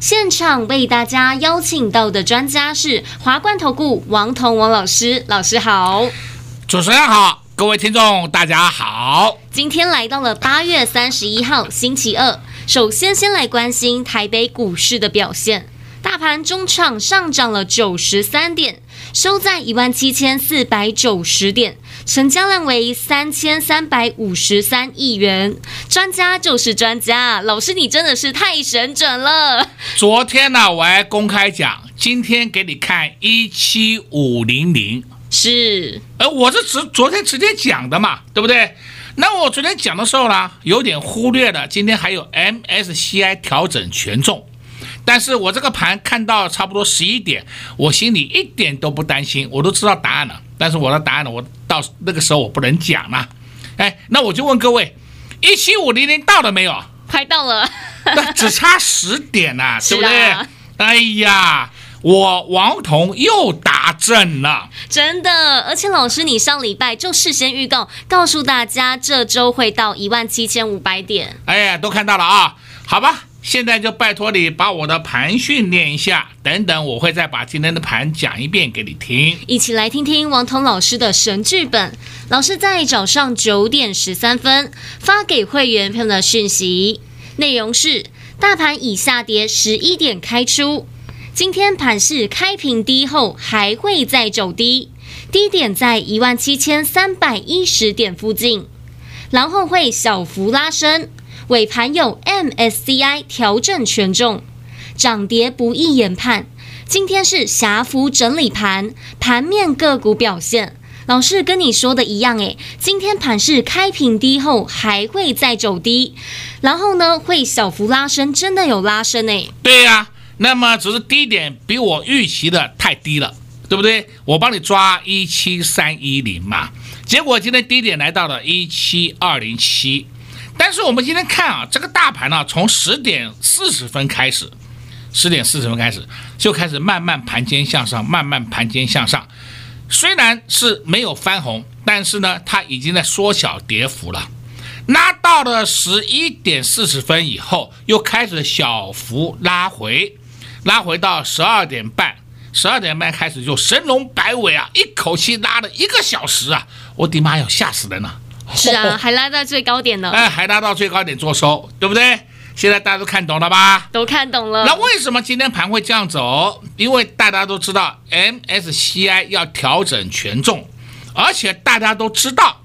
現場為大家邀請到的專家是華冠投顧王彤王老師，老師好。主持人好，各位聽眾大家好，今天來到了八月三十一號星期二，首先先來關心台北股市的表現，大盤中場上漲了九十三點。收在一萬七千四百九十點，成交量為三千三百五十三億元。專家就是專家，老師你真的是太神準了。昨天呢、啊，我還公開講，今天給你看一七五零零，是，呃，我是直，昨天直接講的嘛，對不對？那我昨天講的時候呢，有點忽略了，今天還有 MSCI 調整權重。但是我這個盤看到差不多十一點，我心裡一點都不擔心，我都知道答案了。但是我的答案呢，我到那個時候我不能講嘛。哎，那我就問各位，一七五零零到了沒有？拍到了， 只差十點吶、啊，對不對？啊、哎呀，我王彤又打正了，真的。而且老師，你上禮拜就事先預告，告訴大家這周會到一萬七千五百點。哎呀，都看到了啊，好吧。現在就拜托你把我的盤訓練一下，等等我會再把今天的盤講一遍給你聽，一起來聽聽王彤老師的神劇本。老師在早上九點十三分發給會員朋友們的訊息，內容是：大盤已下跌十一點，開出，今天盤勢開平低後還會再走低，低點在一萬七千三百一十點附近，然後會小幅拉升。尾盤有 MSCI 調整權重，漲跌不易研判。今天是狹幅整理盤，盤面個股表現老師跟你說的一樣誒，今天盤是開平低後還會再走低，然後呢會小幅拉升，真的有拉升誒，對呀、啊，那麼只是低點比我預期的太低了，對不對？我幫你抓一七三一零嘛，結果今天低點來到了一七二零七。但是我們今天看啊，這個大盤呢、啊，從十點四十分開始，十點四十分開始就開始慢慢盤堅向上，慢慢盤堅向上。雖然是沒有翻紅，但是呢，它已經在縮小跌幅了。拉到了十一點四十分以後，又開始小幅拉回，拉回到十二點半，十二點半開始就神龍擺尾啊，一口氣拉了一個小時啊！我的媽呀，要嚇死人了。是啊，還拉到最高點呢。哦，哎，還拉到最高點做收，對不對？現在大家都看懂了吧？都看懂了。那為什麼今天盤會這樣走？因為大家都知道 MSCI 要調整權重，而且大家都知道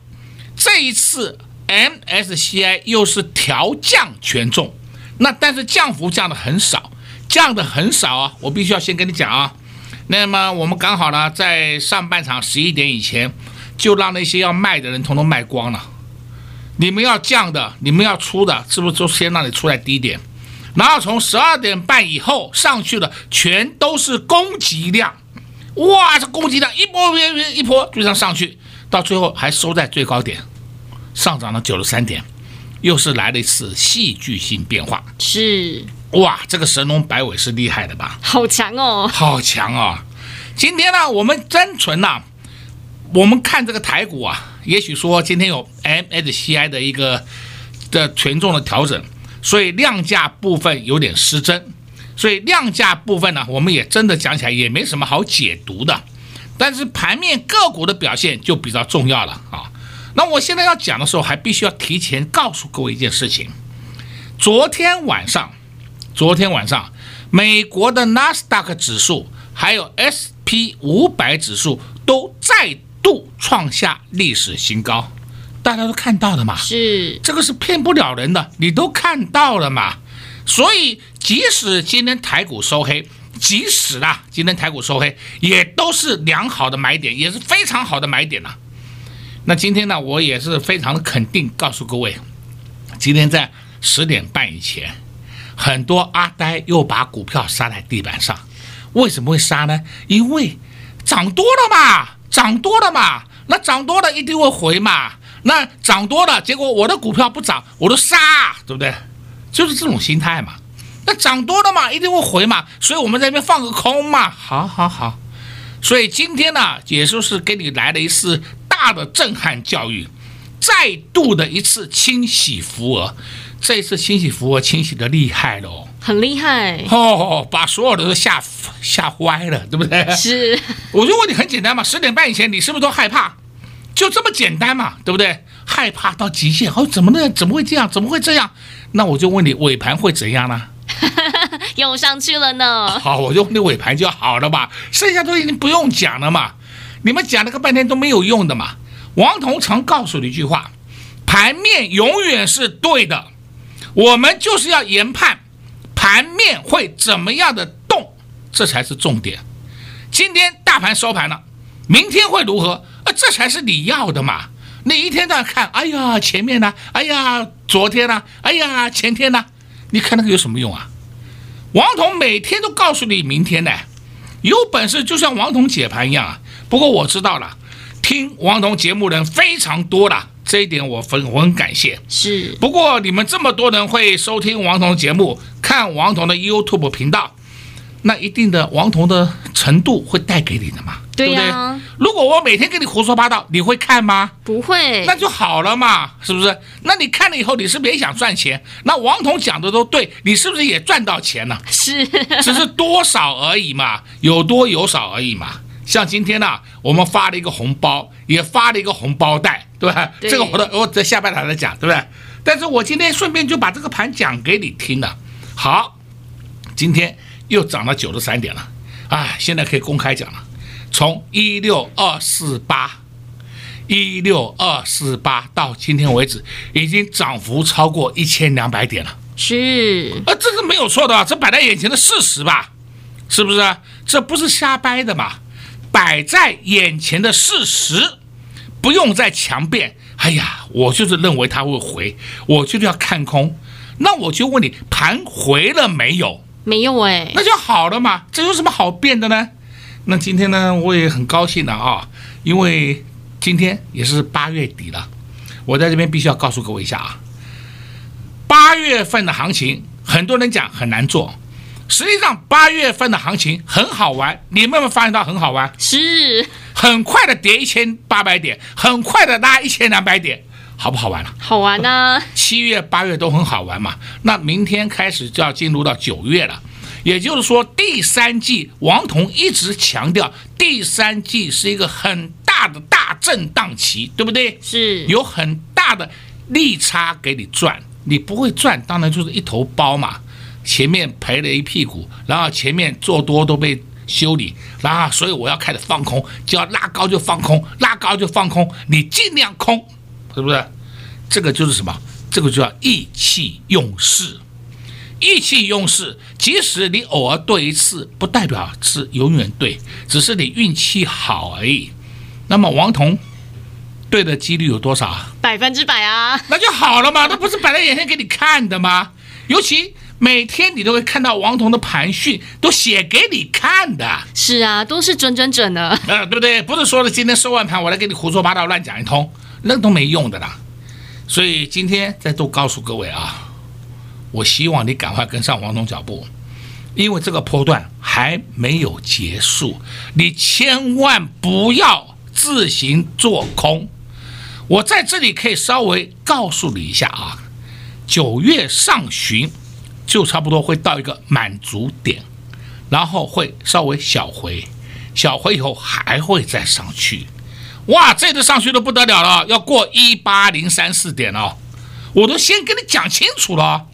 這一次 MSCI 又是調降權重。那但是降幅降得很少，降得很少啊！我必須要先跟你講啊。那麼我們剛好呢，在上半場十一點以前。就讓那些要賣的人統統賣光了，你們要降的，你們要出的，是不是就先讓你出來低點？然後從十二點半以後上去的，全都是供給量，哇，這供給量一波一波一波就這樣上去，到最後還收在最高點，上漲了九十三點，又是來了一次戲劇性變化，是哇，這個神龍擺尾是厲害的吧？好強哦，好強哦！今天呢，我們真純吶、啊。我們看這個台股啊，也許說今天有 MSCI 的一個的權重的調整，所以量價部分有點失真，所以量價部分呢，我們也真的講起來也沒什麼好解讀的。但是盤面個股的表現就比較重要了啊。那我現在要講的時候，還必須要提前告訴各位一件事情：昨天晚上，昨天晚上，美國的納斯達克指數還有 SP 五百指數都在。度創下歷史新高，大家都看到了嘛？是，這個是騙不了人的，你都看到了嘛？所以即使今天台股收黑，即使啦、啊，今天台股收黑，也都是良好的買點，也是非常好的買點吶、啊。那今天呢，我也是非常的肯定，告訴各位，今天在十點半以前，很多阿呆又把股票殺在地板上，為什麼會殺呢？因為漲多了嘛。漲多了嘛，那漲多了一定會回嘛，那漲多了結果我的股票不漲，我都殺，對不對？就是這種心態嘛。那漲多了嘛，一定會回嘛，所以我們在那邊放個空嘛，好好好。所以今天呢，也就是給你來了一次大的震撼教育，再度的一次清洗浮額，這一次清洗浮額清洗的厲害了哦。很厲害哦，oh, oh, oh, 把所有的都嚇嚇壞了，對不對？是，我就問你很簡單嘛，十點半以前你是不是都害怕？就這麼簡單嘛，對不對？害怕到極限，哦，怎麼呢？怎麼會這樣？怎麼會這樣？那我就問你，尾盤會怎樣呢？ 有上去了呢。好，oh, 我就問你尾盤就好了吧，剩下都已經不用講了嘛。你們講了個半天都沒有用的嘛。王同成告訴你一句話：盤面永遠是對的，我們就是要研判。盤面會怎麼樣的動，這才是重點。今天大盤收盤了，明天會如何？啊，這才是你要的嘛！你一天在看，哎呀，前面呢、啊？哎呀，昨天呢、啊？哎呀，前天呢、啊？你看那個有什麼用啊？王彤每天都告訴你明天呢？有本事就像王彤解盤一樣啊！不過我知道了，聽王彤節目人非常多了這一點我很我很感謝，是。不過你們這麼多人會收聽王彤的節目，看王彤的 YouTube 頻道，那一定的王彤的程度會帶給你的嘛？對，啊、對不對？如果我每天跟你胡說八道，你會看嗎？不會，那就好了嘛，是不是？那你看了以後，你是不是也想賺錢？那王彤講的都對，你是不是也賺到錢了？是、啊，只是多少而已嘛，有多有少而已嘛。像今天呢、啊，我們發了一個紅包，也發了一個紅包袋，對吧？對，這個我動我在下半場再講，對不對？但是我今天順便就把這個盤講給你聽了。好，今天又漲了九十三點了，啊，現在可以公開講了。從一六二四八，一六二四八到今天為止，已經漲幅超過一千兩百點了。是，啊，這個沒有錯的，這擺在眼前的事實吧？是不是？這不是瞎掰的嘛？擺在眼前的事實，不用再強辯。哎呀，我就是認為他會回，我就是要看空。那我就問你，盤回了沒有？沒有哎、欸，那就好了嘛，這有什麼好辯的呢？那今天呢，我也很高興的啊，因為今天也是八月底了，我在這邊必須要告訴各位一下啊，八月份的行情，很多人講很難做。實際上八月份的行情很好玩，你們有沒有發現到很好玩？是，很快的跌一千八百點，很快的拉一千兩百點，好不好玩了、啊？好玩呢、啊。七月八月都很好玩嘛。那明天開始就要進入到九月了，也就是說第三季，王彤一直強調第三季是一個很大的大震盪期，對不對？是有很大的利差給你賺，你不會賺，當然就是一頭包嘛。前面賠了一屁股，然後前面做多都被修理，然後所以我要開始放空，就要拉高就放空，拉高就放空，你盡量空，是不是？這個就是什麼？這個就叫意氣用事。意氣用事，即使你偶爾對一次，不代表是永遠對，只是你運氣好而已。那麼王彤對的幾率有多少？百分之百啊！那就好了嘛，那不是擺在眼前給你看的嗎？尤其。每天你都會看到王彤的盤訊，都寫給你看的。是啊，都是準準準的、呃。對不對？不是說的今天收完盤，我來給你胡說八道亂講一通，那都沒用的啦。所以今天再度告訴各位啊，我希望你趕快跟上王彤腳步，因為這個波段還沒有結束，你千萬不要自行做空。我在這裡可以稍微告訴你一下啊，九月上旬。就差不多會到一個滿足點，然後會稍微小回，小回以後還會再上去。哇，這次上去都不得了了，要過一八零三四點了哦，我都先跟你講清楚了。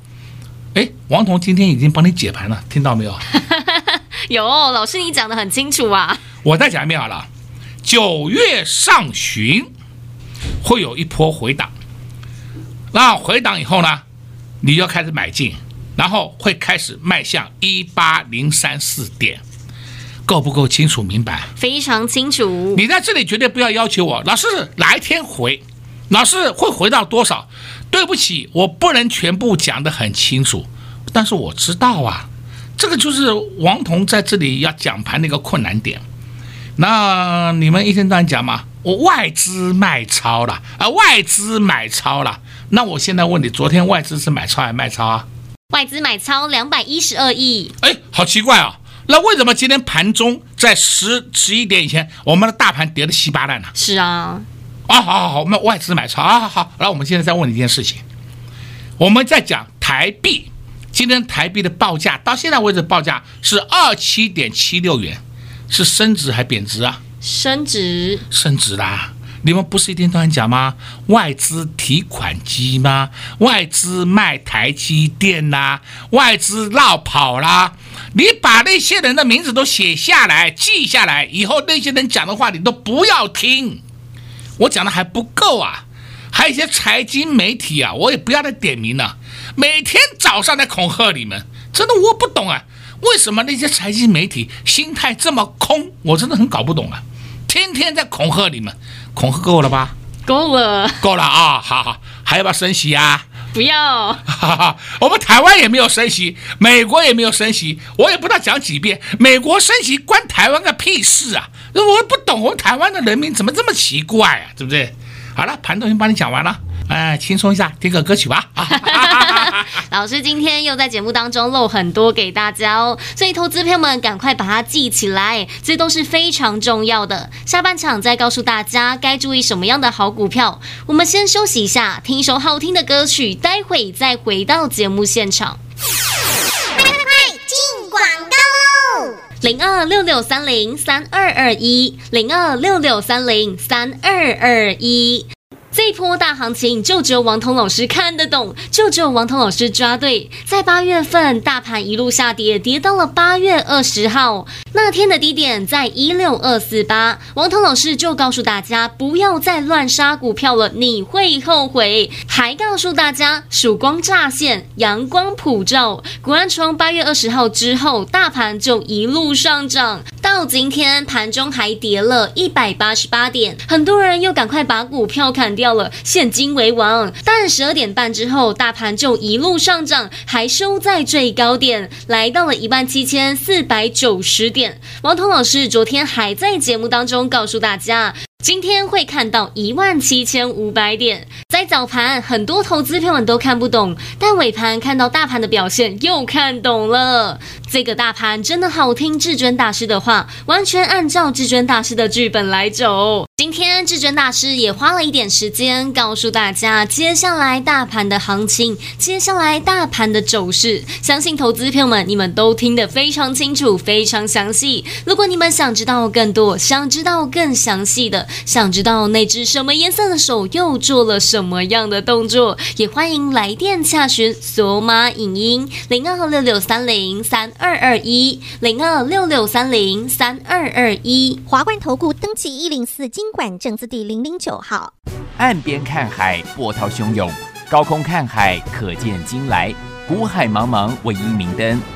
哎，王彤今天已經幫你解盤了，聽到沒有？ 有哦，老師，你講得很清楚啊。我再講一遍好了，九月上旬會有一波回檔，那回檔以後呢，你要開始買進。然後會開始邁向一八零三四點，夠不夠清楚明白？非常清楚。你在這裡絕對不要要求我，老師哪一天回？老師會回到多少？對不起，我不能全部講得很清楚，但是我知道啊。這個就是王彤在這裡要講盤的一個困難點。那你們一天到晚講嘛？我外資賣超了，啊、呃、外資買超了。那我現在問你，昨天外資是買超還是賣超啊？外資買超兩百一十二億，哎、欸，好奇怪啊、哦。那為什麼今天盤中在十十一點以前，我們的大盤跌得稀巴爛呢？是啊，啊，好好好，我們外資買超啊，好，好，好，來，我們現在再問你一件事情，我們在講台幣，今天台幣的報價到現在為止報價是二七點七六元，是升值還貶值啊？升值，升值啦、啊。你們不是一天都在講嗎？外資提款機嗎？外資賣台積電吶？外資落跑啦？你把那些人的名字都寫下來、記下來，以後那些人講的話你都不要聽。我講的還不夠啊？還有一些財經媒體啊，我也不要再點名了啊。每天早上在恐嚇你們，真的我不懂啊，為什麼那些財經媒體心態這麼空？我真的很搞不懂啊，天天在恐嚇你們。恐嚇夠了吧？夠了，夠了啊！好好，還要不要升息啊？不要，哈哈！哈。我們台灣也沒有升息，美國也沒有升息，我也不知道講幾遍。美國升息關台灣個屁事啊！那我也不懂，我們台灣的人民怎麼這麼奇怪啊，對不對？好了，盤勢已經幫你講完了，哎，輕鬆一下，聽個歌曲吧，啊！啊啊啊老師今天又在節目當中漏很多給大家哦，所以投資朋友們趕快把它記起來，這都是非常重要的。下半場再告訴大家該注意什麼樣的好股票。我們先休息一下，聽一首好聽的歌曲，待會再回到節目現場。快進廣告嘍！零二六六三零三二二一，零二六六三零三二二一。這波大行情就只有王彤老師看得懂，就只有王彤老師抓對。在八月份，大盤一路下跌，跌到了八月二十號那天的低點，在一六二四八。王彤老師就告訴大家，不要再亂殺股票了，你會後悔。還告訴大家，曙光乍現，陽光普照。果然，從八月二十號之後，大盤就一路上漲。到今天盤中還跌了一百八十八點，很多人又趕快把股票砍掉了，現金為王。但十二點半之後，大盤就一路上漲，還收在最高點，來到了一萬七千四百九十點。王彤老師昨天還在節目當中告訴大家，今天會看到一萬七千五百點。在早盤，很多投資朋友們都看不懂，但尾盤看到大盤的表現又看懂了。這個大盤真的好聽至尊大師的話，完全按照至尊大師的劇本來走。今天至尊大師也花了一點時間告訴大家接下來大盤的行情，接下來大盤的走勢。相信投資朋友們，你們都聽得非常清楚，非常詳細。如果你們想知道更多，想知道更詳細的，想知道那隻什麼顏色的手又做了什麼。什麼樣的動作，也歡迎來電洽詢，索馬影音零二六六三零三二二一零二六六三零三二二一，華冠投顧登記一零四金管證字第零零九號。21, 岸邊看海，波濤洶湧；高空看海，可見金來。古海茫茫，唯一明燈。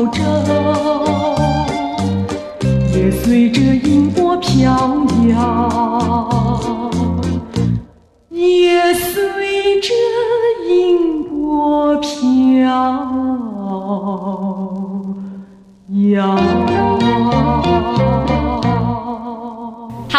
好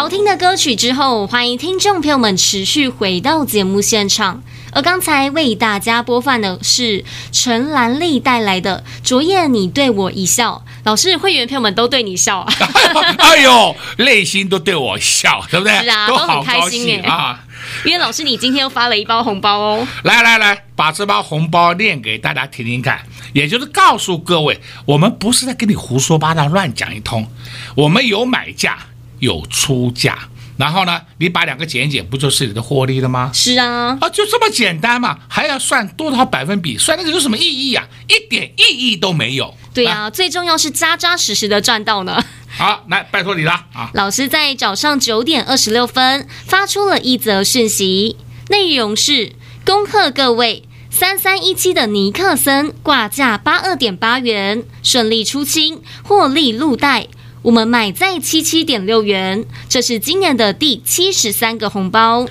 聽的歌曲之後，歡迎聽眾朋友們持續回到節目現場。而剛才為大家播放的是陳蘭麗帶來的《昨夜你對我一笑》，老師會員朋友們都對你笑啊哎！哎呦，內心都對我笑，對不對？是啊，都，好都很開心哎啊！因為老師你今天又發了一包紅包哦，來來來，把這包紅包念給大家聽聽看，也就是告訴各位，我們不是在跟你胡說八道亂講一通，我們有買價有出價。然後呢，你把兩個減一減，不就是你的獲利了嗎？是啊，啊，就這麼簡單嘛，還要算多少百分比，算那個有什麼意義啊？一點意義都沒有。對啊，來最重要是扎扎實實的賺到呢。好，來，拜托你了啊。老師在早上九點二十六分發出了一則訊息，內容是：恭賀各位三三一七的尼克森掛價八二點八元，順利出清，獲利入袋。我們買在七七點六元，這是今年的第七十三個紅包。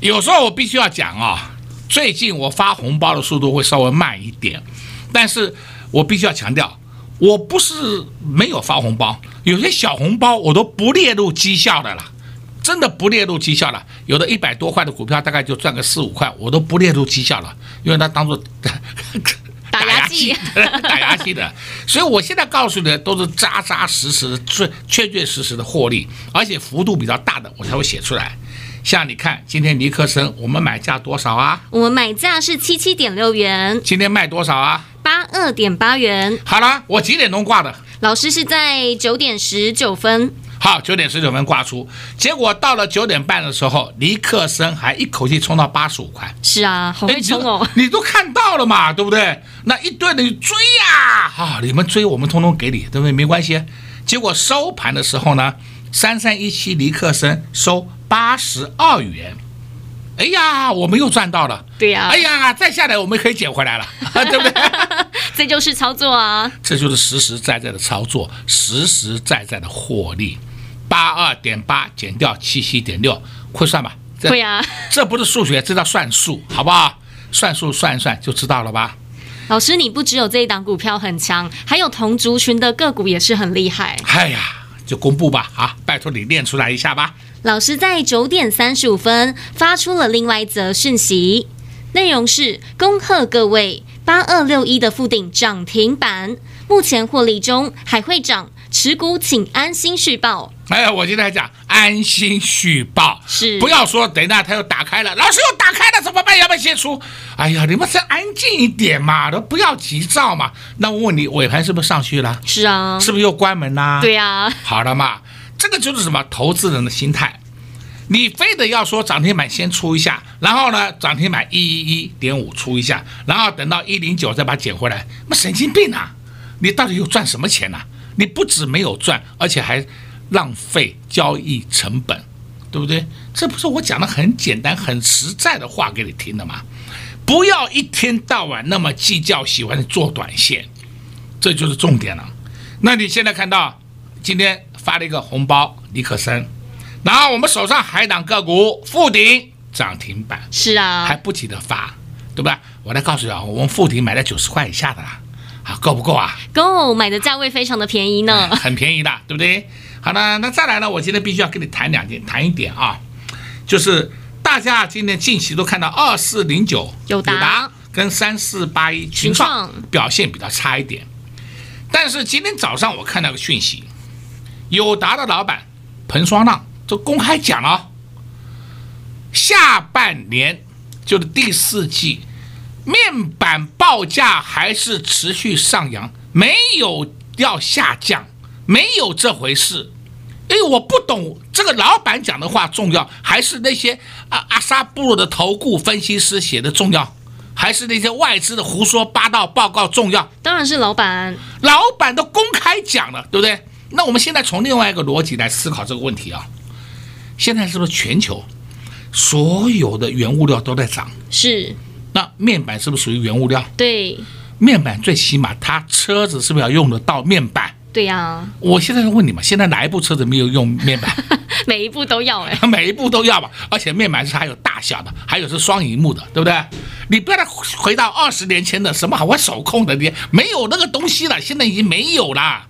有時候我必須要講啊、哦，最近我發紅包的速度會稍微慢一點，但是我必須要強調，我不是沒有發紅包，有些小紅包我都不列入績效的啦，真的不列入績效了。有的一百多塊的股票，大概就賺個四五塊，我都不列入績效了，因為它當做。 打牙祭，打牙祭的， 所以我現在告訴你的都是扎扎實實、的確確實實的獲利，而且幅度比較大的，我才會寫出來。像你看，今天尼克森，我們買價多少啊？我們買價是七七點六元。今天賣多少啊？八二點八元。好了，我幾點鐘掛的？老師是在九點十九分。好，九點十九分掛出，結果到了九點半的時候，尼克森還一口氣衝到八十五塊。是啊，好凶哦你！你都看到了嘛，對不對？那一堆人追呀，啊，啊你們追，我們通通給你，對不對？沒關係。結果收盤的時候呢，三三一七尼克森收八十二元。哎呀，我們又賺到了，對呀，啊，哎呀，再下來我們可以撿回來了，對不對？ 這就是操作啊，這就是實實在在的操作，實實在在在的獲利，八二點八減掉七七點六，會算吧？會呀，對啊，這不是數學，這叫算數，好不好？算數算一算就知道了吧。老師，你不只有這一檔股票很強，還有同族群的個股也是很厲害。哎呀，就公布吧，啊，拜託你念出來一下吧。老師在九點三十五分發出了另外一則訊息，內容是：恭賀各位八二六一的富鼎漲停板，目前獲利中還會漲，持股請安心續報。哎呀，我今天還講安心續報，是不要說等一下他又打開了，老師又打開了怎麼辦？要不要先出？哎呀，你們再安靜一點嘛，都不要急躁嘛。那我問你，尾盤是不是上去了？是啊，是不是又關門啦、啊？對呀、啊。好了嘛。這個就是什麼投資人的心態？你非得要說漲停板先出一下，然後呢，漲停板一一一點五出一下，然後等到一零九再把它撿回來，那神經病啊！你到底又賺什麼錢呢、啊？你不止沒有賺，而且還浪費交易成本，對不對？這不是我講的很簡單很實在的話給你聽的嗎？不要一天到晚那麼計較，喜歡做短線，這就是重點了。那你現在看到今天？發了一個紅包，立刻升。然後我們手上還有一檔個股富鼎漲停板，是啊，還不停的發，對不對？我來告訴你啊，我們富鼎買了九十塊以下的啦，啊，夠不夠啊？夠，買的價位非常的便宜呢，很便宜的，對不對？好了，那再來呢，我今天必須要跟你談兩件，談一點啊，就是大家今天近期都看到二四零九、友達跟三四八一、群創表現比較差一點，但是今天早上我看到個訊息。友達的老闆彭雙浪就公開講了，哦，下半年就是第四季，面板報價還是持續上揚，沒有要下降，沒有這回事。為，哎，我不懂這個老闆講的話重要，還是那些阿，啊，阿薩布魯的投顧分析師寫的重要，還是那些外資的胡說八道報告重要？當然是老闆，老闆都公開講了，對不對？那我們現在從另外一個邏輯來思考這個問題啊，現在是不是全球所有的原物料都在漲？是。那面板是不是屬於原物料？對。面板最起碼它車子是不是要用得到面板？對呀，啊。我現在問你們，現在哪一部車子沒有用面板？ 每一部都要誒、欸，每一部都要吧，而且面板是還有大小的，還有是雙螢幕的，對不對？你不要再回到二十年前的什麼我手控的，你沒有那個東西了，現在已經沒有了。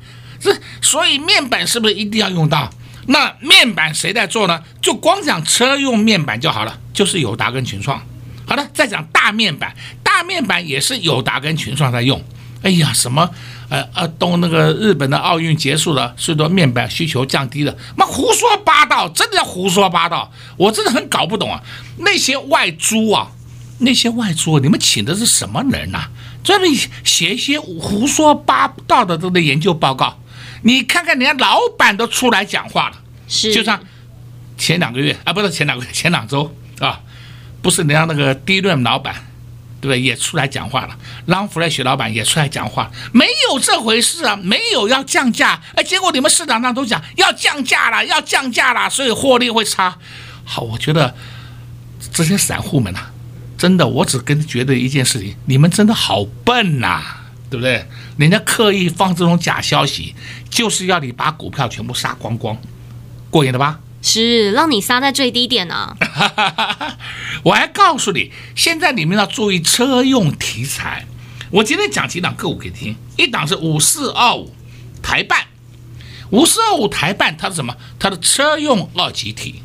所以面板是不是一定要用到？那面板誰在做呢？就光講車用面板就好了，就是友達跟群創。好的，再講大面板，大面板也是友達跟群創在用。哎呀，什麼呃呃，東、啊、那個日本的奧運結束了，所以說面板需求降低了，媽胡說八道，真的胡說八道！我真的很搞不懂啊，那些外租啊，那些外租，你們請的是什麼人吶、啊？專門寫一些胡說八道的都類研究報告。你看看，人家老闆都出來講話了是，是就像前兩個月啊，不是前兩個月，前兩周啊，不是人家那個 DRAM 老板，對不對？也出來講話了，朗福萊雪老板也出來講話，沒有這回事啊，沒有要降價，哎，結果你們市場上都講要降,要降價了，要降價了，所以獲利會差。好，我覺得這些散戶們吶、啊，真的，我只跟覺得一件事情，你們真的好笨吶、啊。對不對？人家刻意放這種假消息，就是要你把股票全部殺光光，過癮了吧？是，讓你殺在最低點呢、啊。 我還告訴你，現在你們要注意車用題材。我今天講幾檔個股給你聽，一檔是五四二五台半，五四二五台半它是什麼？它的車用二極體，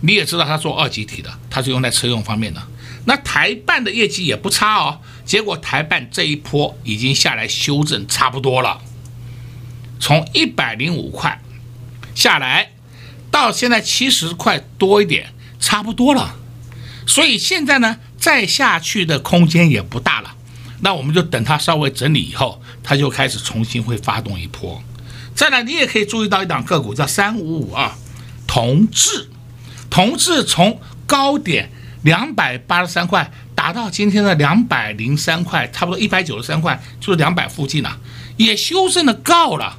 你也知道它做二極體的，它是用在車用方面的。那台半的業績也不差哦。結果台半這一波已經下來修正差不多了，從一百零五塊下來到現在七十塊多一點，差不多了。所以現在呢，再下去的空間也不大了。那我們就等它稍微整理以後，它就開始重新會發動一波。再來，你也可以注意到一檔個股叫三五五二同致，同致從高點兩百八十三塊。達到今天的兩百零三塊，差不多一百九十三塊，就是兩百附近了、啊，也修正的夠了，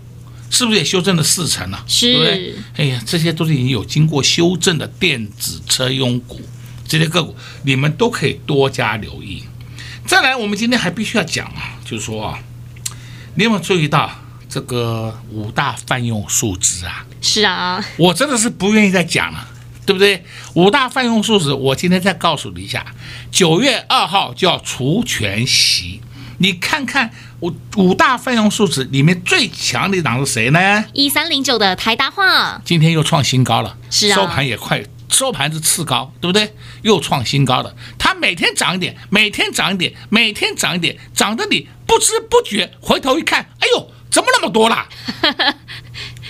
是不是也修正了四成了、啊？是對不對，哎呀，這些都是已經有經過修正的電子車用股這些個股，你們都可以多加留意。再來，我們今天還必須要講啊，就是說啊，你有沒有注意到這個五大泛用數值啊？是啊，我真的是不願意再講了、啊。對不對？五大泛用數值，我今天再告訴你一下，九月二號叫除權息。你看看五五大泛用數值裡面最強的一檔是誰呢？一三零九的台達化今天又創新高了，是啊，收盤也快，收盤是次高，對不對？又創新高了。它每天漲一點，每天漲一點，每天漲一點，漲得你不知不覺回頭一看，哎呦，怎麼那麼多了？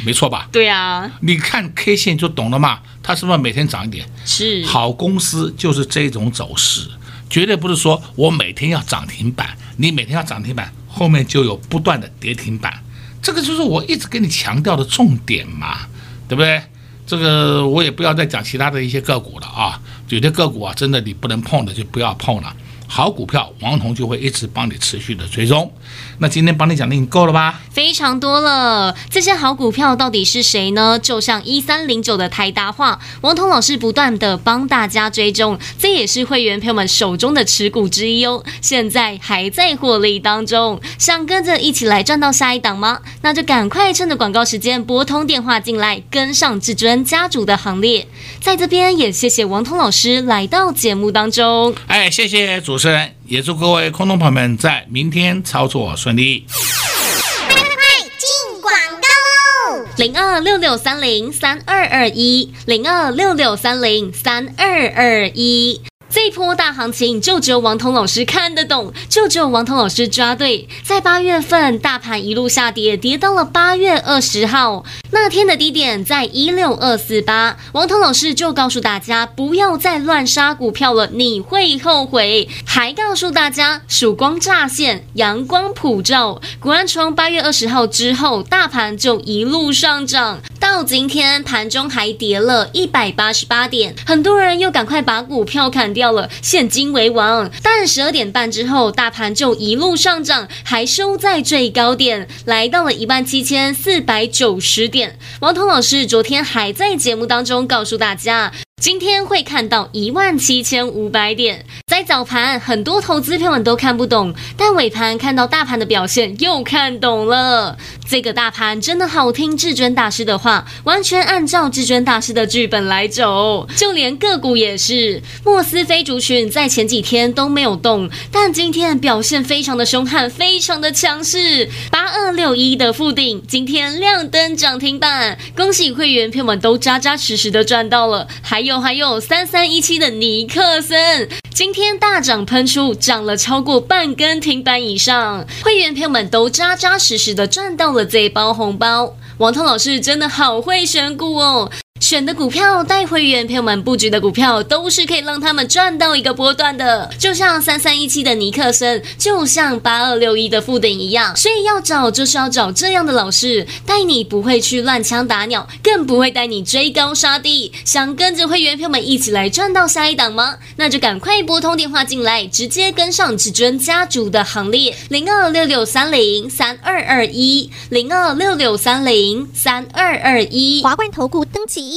沒錯吧？對呀，啊，你看 K 線就懂了嘛。它是不是每天漲一點？是好公司就是這種走勢，絕對不是說我每天要漲停板，你每天要漲停板，後面就有不斷的跌停板，這個就是我一直跟你強調的重點嘛，對不對？這個我也不要再講其他的一些個股了啊，有的個股啊，真的你不能碰的就不要碰了。好股票，王彤就會一直幫你持續的追蹤。那今天幫你講的夠了吧？非常多了。這些好股票到底是誰呢？就像一三零九的台達化，王彤老師不斷的幫大家追蹤，這也是會員朋友們手中的持股之一哦。現在還在獲利當中，想跟着一起來賺到下一檔嗎？那就趕快趁着廣告時間撥通電話進來，跟上至尊家族的行列。在這邊也謝謝王彤老師來到節目當中。哎，謝謝主主持人也祝各位空中朋友們在明天操作順利。快快進廣告嘍！零二六六三零三二二一，零二六六三零三二二一。這一波大行情，就只有王彤老師看得懂，就只有王彤老師抓對。在八月份，大盤一路下跌，跌到了八月二十號那天的低點，在一六二四八。王彤老師就告訴大家，不要再亂殺股票了，你會後悔。還告訴大家，曙光乍現，陽光普照。果然，從八月二十號之後，大盤就一路上漲，到今天盤中還跌了一百八十八點。很多人又趕快把股票砍。掉了，現金為王。但十二點半之後，大盤就一路上漲，還收在最高點，來到了一萬七千四百九十點。王彤老師昨天還在節目當中告訴大家，今天會看到一萬七千五百點。早盤很多投資朋友們都看不懂，但尾盤看到大盤的表現又看懂了。這個大盤真的好聽至尊大師的話，完全按照至尊大師的劇本來走，就連個股也是。莫斯飛族群在前幾天都沒有動，但今天表現非常的凶悍，非常的強勢。八二六一的富鼎，今天亮燈漲停板，恭喜會員朋友們都扎扎實實的賺到了。還有還有三三一七的尼克森，今天。今天大漲噴出，漲了超過半根停板以上，會員朋友們都扎扎實實的賺到了這一包紅包。王濤老師真的好會選股哦！選的股票帶會員朋友們布局的股票都是可以讓他們賺到一個波段的，就像三三一七的尼克森，就像八二六一的富鼎一樣，所以要找就是要找這樣的老師帶你，不會去亂槍打鳥，更不會帶你追高殺低。想跟着會員朋友們一起來賺到下一檔嗎？那就趕快撥通電話進來，直接跟上至尊家族的行列。零二六六三零三二二一，零二六六三零三二二一，華冠投顧登記。